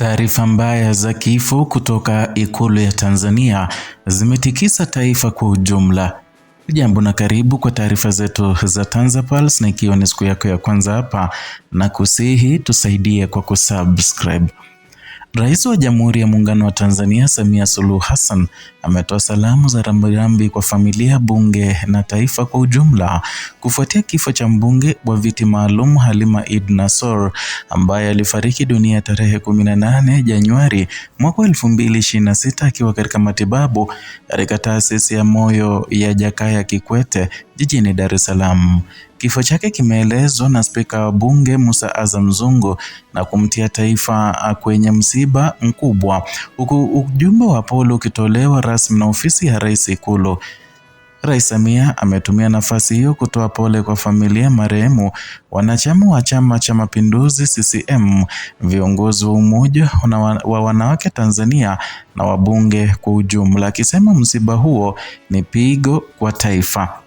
Taarifa mbaya za kifo kutoka ikulu ya Tanzania zimetikisa taifa kwa ujumla. Jambo na karibu kwa taarifa zetu za TanzaPulse, na ikiwa ni siku yako ya kwanza hapa, na kusihi tusaidie kwa kusubscribe Rais wa Jamhuri ya Muungano wa Tanzania Samia Suluhu Hassan ametoa salamu za rambirambi kwa familia, bunge na taifa kwa ujumla kufuatia kifo cha mbunge wa viti maalum Halima Idd Nassor ambaye alifariki dunia tarehe 18 Januari mwaka 2026 akiwa katika matibabu katika taasisi ya moyo ya Jakaya Kikwete jijini Dar es Salaam. Kifo chake kimeelezwa na spika wa bunge Musa Azam Zungu na kumtia taifa kwenye msiba mkubwa, huku ujumbe wa pole ukitolewa rasmi na ofisi ya rais Ikulu. Rais Samia ametumia nafasi hiyo kutoa pole kwa familia marehemu, wanachama wa Chama cha Mapinduzi CCM, viongozi wa Umoja wa Wanawake Tanzania na wabunge kwa ujumla, akisema msiba huo ni pigo kwa taifa.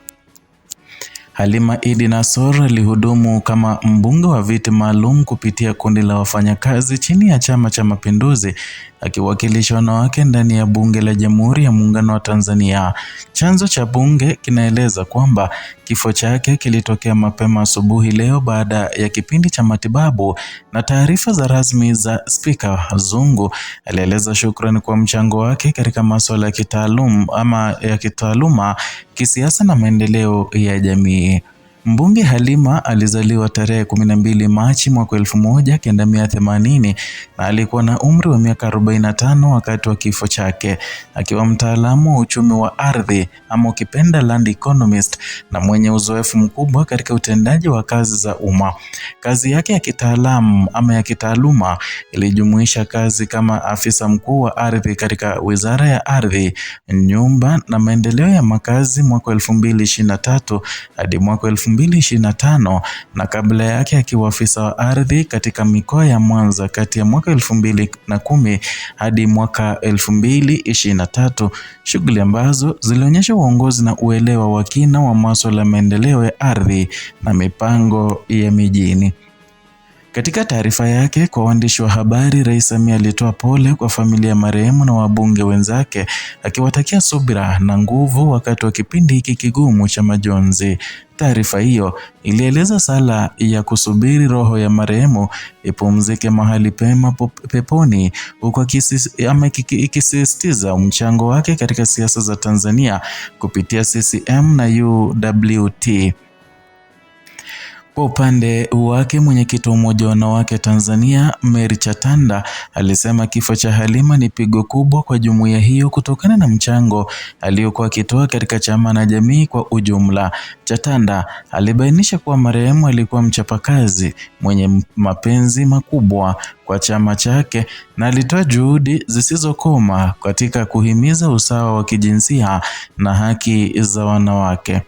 Halima Idi Nassor alihudumu kama mbunge wa viti maalum kupitia kundi la wafanyakazi chini ya Chama cha Mapinduzi akiwakilisha wanawake ndani ya Bunge la Jamhuri ya Muungano wa Tanzania. Chanzo cha bunge kinaeleza kwamba kifo chake kilitokea mapema asubuhi leo baada ya kipindi cha matibabu, na taarifa za rasmi za Spika Zungu alieleza shukrani kwa mchango wake katika masuala ya kitaalum ama ya kitaaluma, kisiasa na maendeleo ya jamii. ini Mbunge Halima alizaliwa tarehe 12 Machi mwaka 1980 na alikuwa na umri wa miaka 45 wakati wa kifo chake. Akiwa mtaalamu wa uchumi wa ardhi ama ukipenda land economist, na mwenye uzoefu mkubwa katika utendaji wa kazi za umma. Kazi yake ya kitaalamu ama ya kitaaluma ilijumuisha kazi kama afisa mkuu wa ardhi katika Wizara ya Ardhi, Nyumba na Maendeleo ya Makazi mwaka 2023 hadi mwaka 2025 na kabla yake akiwa afisa wa ardhi katika mikoa ya Mwanza kati ya mwaka 2010 hadi mwaka 2023, shughuli ambazo zilionyesha uongozi na uelewa wa kina wa masuala ya maendeleo ya ardhi na mipango ya mijini. Katika taarifa yake kwa waandishi wa habari, Rais Samia alitoa pole kwa familia ya marehemu na wabunge wenzake, akiwatakia subira na nguvu wakati wa kipindi hiki kigumu cha majonzi. Taarifa hiyo ilieleza sala ya kusubiri roho ya marehemu ipumzike mahali pema peponi, huku ikisisitiza mchango wake katika siasa za Tanzania kupitia CCM na UWT. Kwa upande wake mwenyekiti wa umoja wa wanawake Tanzania Mary Chatanda alisema kifo cha Halima ni pigo kubwa kwa jumuiya hiyo kutokana na mchango aliyokuwa akitoa katika chama na jamii kwa ujumla. Chatanda alibainisha kuwa marehemu alikuwa mchapakazi mwenye mapenzi makubwa kwa chama chake na alitoa juhudi zisizokoma katika kuhimiza usawa wa kijinsia na haki za wanawake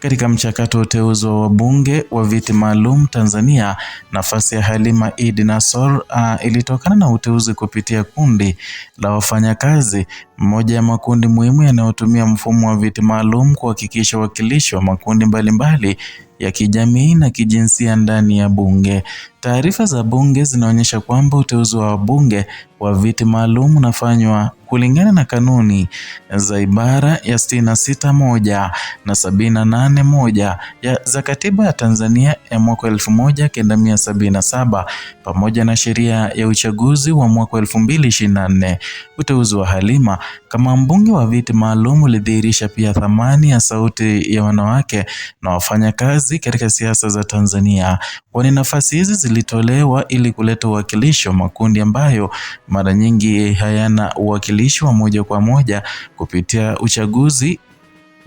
katika mchakato wa uteuzi wa wabunge wa viti maalum Tanzania. Nafasi ya Halima Idi Nassor uh, ilitokana na uteuzi kupitia kundi la wafanyakazi, mmoja ya makundi muhimu yanayotumia mfumo wa viti maalum kuhakikisha uwakilishi wa makundi mbalimbali mbali ya kijamii na kijinsia ndani ya bunge. Taarifa za bunge zinaonyesha kwamba uteuzi wa wabunge wa viti maalum unafanywa kulingana na kanuni za ibara ya sitini na sita moja na sabini na nane moja ya za katiba ya Tanzania ya mwaka elfu moja kenda mia sabini na saba pamoja na sheria ya uchaguzi wa mwaka elfu mbili ishirini na nne. Uteuzi wa Halima kama mbunge wa viti maalum ulidhihirisha pia thamani ya sauti ya wanawake na wafanyakazi wazi katika siasa za Tanzania, kwani nafasi hizi zilitolewa ili kuleta uwakilishi wa makundi ambayo mara nyingi hayana uwakilishi wa moja kwa moja kupitia uchaguzi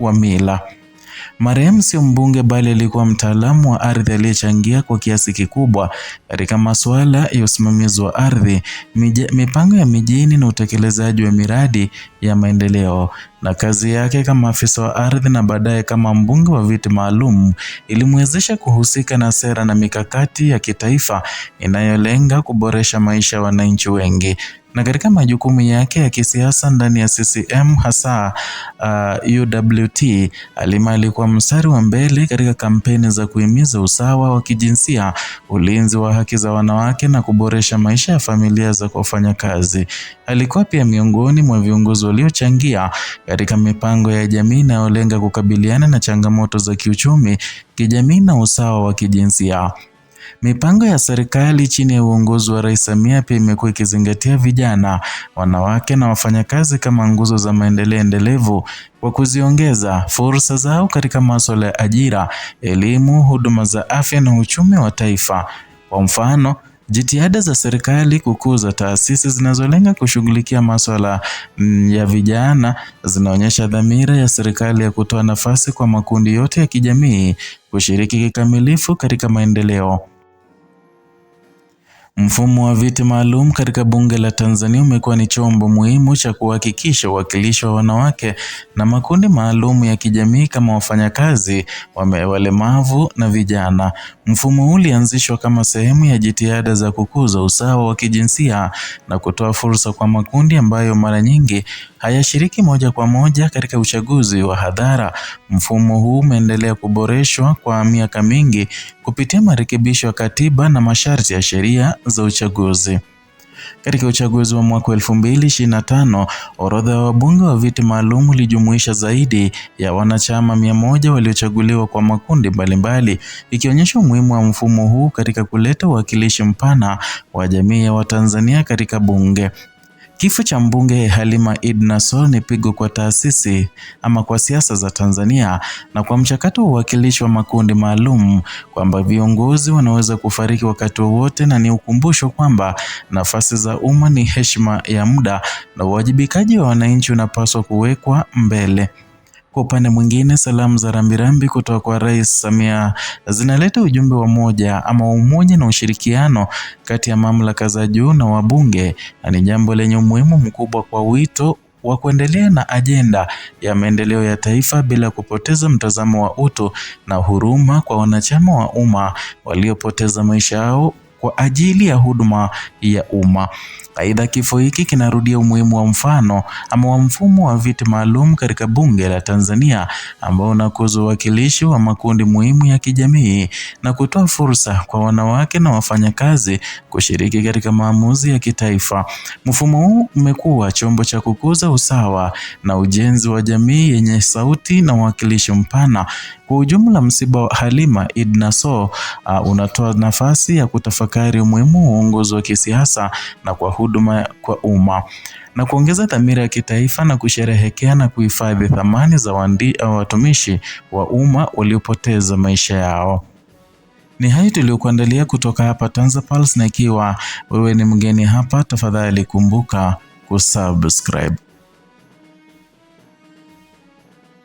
wa mila. Marehemu sio mbunge bali alikuwa mtaalamu wa ardhi aliyechangia kwa kiasi kikubwa katika masuala ya usimamizi wa ardhi, mipango ya mijini na utekelezaji wa miradi ya maendeleo. Na kazi yake kama afisa wa ardhi na baadaye kama mbunge wa viti maalum ilimwezesha kuhusika na sera na mikakati ya kitaifa inayolenga kuboresha maisha ya wananchi wengi na katika majukumu yake ya kisiasa ndani ya CCM hasa uh, UWT Halima alikuwa mstari wa mbele katika kampeni za kuhimiza usawa wa kijinsia, ulinzi wa haki za wanawake na kuboresha maisha ya familia za wafanyakazi. Alikuwa pia miongoni mwa viongozi waliochangia katika mipango ya jamii inayolenga kukabiliana na changamoto za kiuchumi, kijamii na usawa wa kijinsia. Mipango ya serikali chini ya uongozi wa Rais Samia pia imekuwa ikizingatia vijana, wanawake na wafanyakazi kama nguzo za maendeleo endelevu kwa kuziongeza fursa zao katika masuala ya ajira, elimu, huduma za afya na uchumi wa taifa. Kwa mfano, jitihada za serikali kukuza taasisi zinazolenga kushughulikia masuala mm, ya vijana zinaonyesha dhamira ya serikali ya kutoa nafasi kwa makundi yote ya kijamii kushiriki kikamilifu katika maendeleo. Mfumo wa viti maalum katika bunge la Tanzania umekuwa ni chombo muhimu cha kuhakikisha uwakilishi wa wanawake na makundi maalum ya kijamii kama wafanyakazi, walemavu na vijana. Mfumo huu ulianzishwa kama sehemu ya jitihada za kukuza usawa wa kijinsia na kutoa fursa kwa makundi ambayo mara nyingi hayashiriki moja kwa moja katika uchaguzi wa hadhara. Mfumo huu umeendelea kuboreshwa kwa miaka mingi kupitia marekebisho ya katiba na masharti ya sheria za uchaguzi. Katika uchaguzi wa mwaka elfu mbili na tano orodha ya wabunge wa viti maalum ulijumuisha zaidi ya wanachama mia moja waliochaguliwa kwa makundi mbalimbali, ikionyesha umuhimu wa mfumo huu katika kuleta uwakilishi mpana wa jamii ya Watanzania katika bunge. Kifo cha mbunge Halima Idd Nassor ni pigo kwa taasisi ama kwa siasa za Tanzania na kwa mchakato wa uwakilishi wa makundi maalum, kwamba viongozi wanaweza kufariki wakati wowote, na ni ukumbusho kwamba nafasi za umma ni heshima ya muda na uwajibikaji wa wananchi unapaswa kuwekwa mbele. Kwa upande mwingine, salamu za rambirambi kutoka kwa Rais Samia zinaleta ujumbe wa moja ama umoja na ushirikiano kati ya mamlaka za juu na wabunge, na ni jambo lenye umuhimu mkubwa kwa wito wa kuendelea na ajenda ya maendeleo ya taifa bila kupoteza mtazamo wa utu na huruma kwa wanachama wa umma waliopoteza maisha yao kwa ajili ya huduma ya umma. Aidha, kifo hiki kinarudia umuhimu wa mfano ama wa mfumo wa viti maalum katika bunge la Tanzania ambao unakuza uwakilishi wa makundi muhimu ya kijamii na kutoa fursa kwa wanawake na wafanyakazi kushiriki katika maamuzi ya kitaifa. Mfumo huu umekuwa chombo cha kukuza usawa na ujenzi wa jamii yenye sauti na uwakilishi mpana. Kwa ujumla, msiba wa Halima Idd Nassor uh, unatoa nafasi ya kutafakari umuhimu wa uongozi wa kisiasa na kwa huduma kwa umma na kuongeza dhamira ya kitaifa na kusherehekea na kuhifadhi thamani za wandi, uh, watumishi wa umma waliopoteza maisha yao. Ni hayo tuliyokuandalia kutoka hapa TanzaPulse, na ikiwa wewe ni mgeni hapa, tafadhali kumbuka kusubscribe.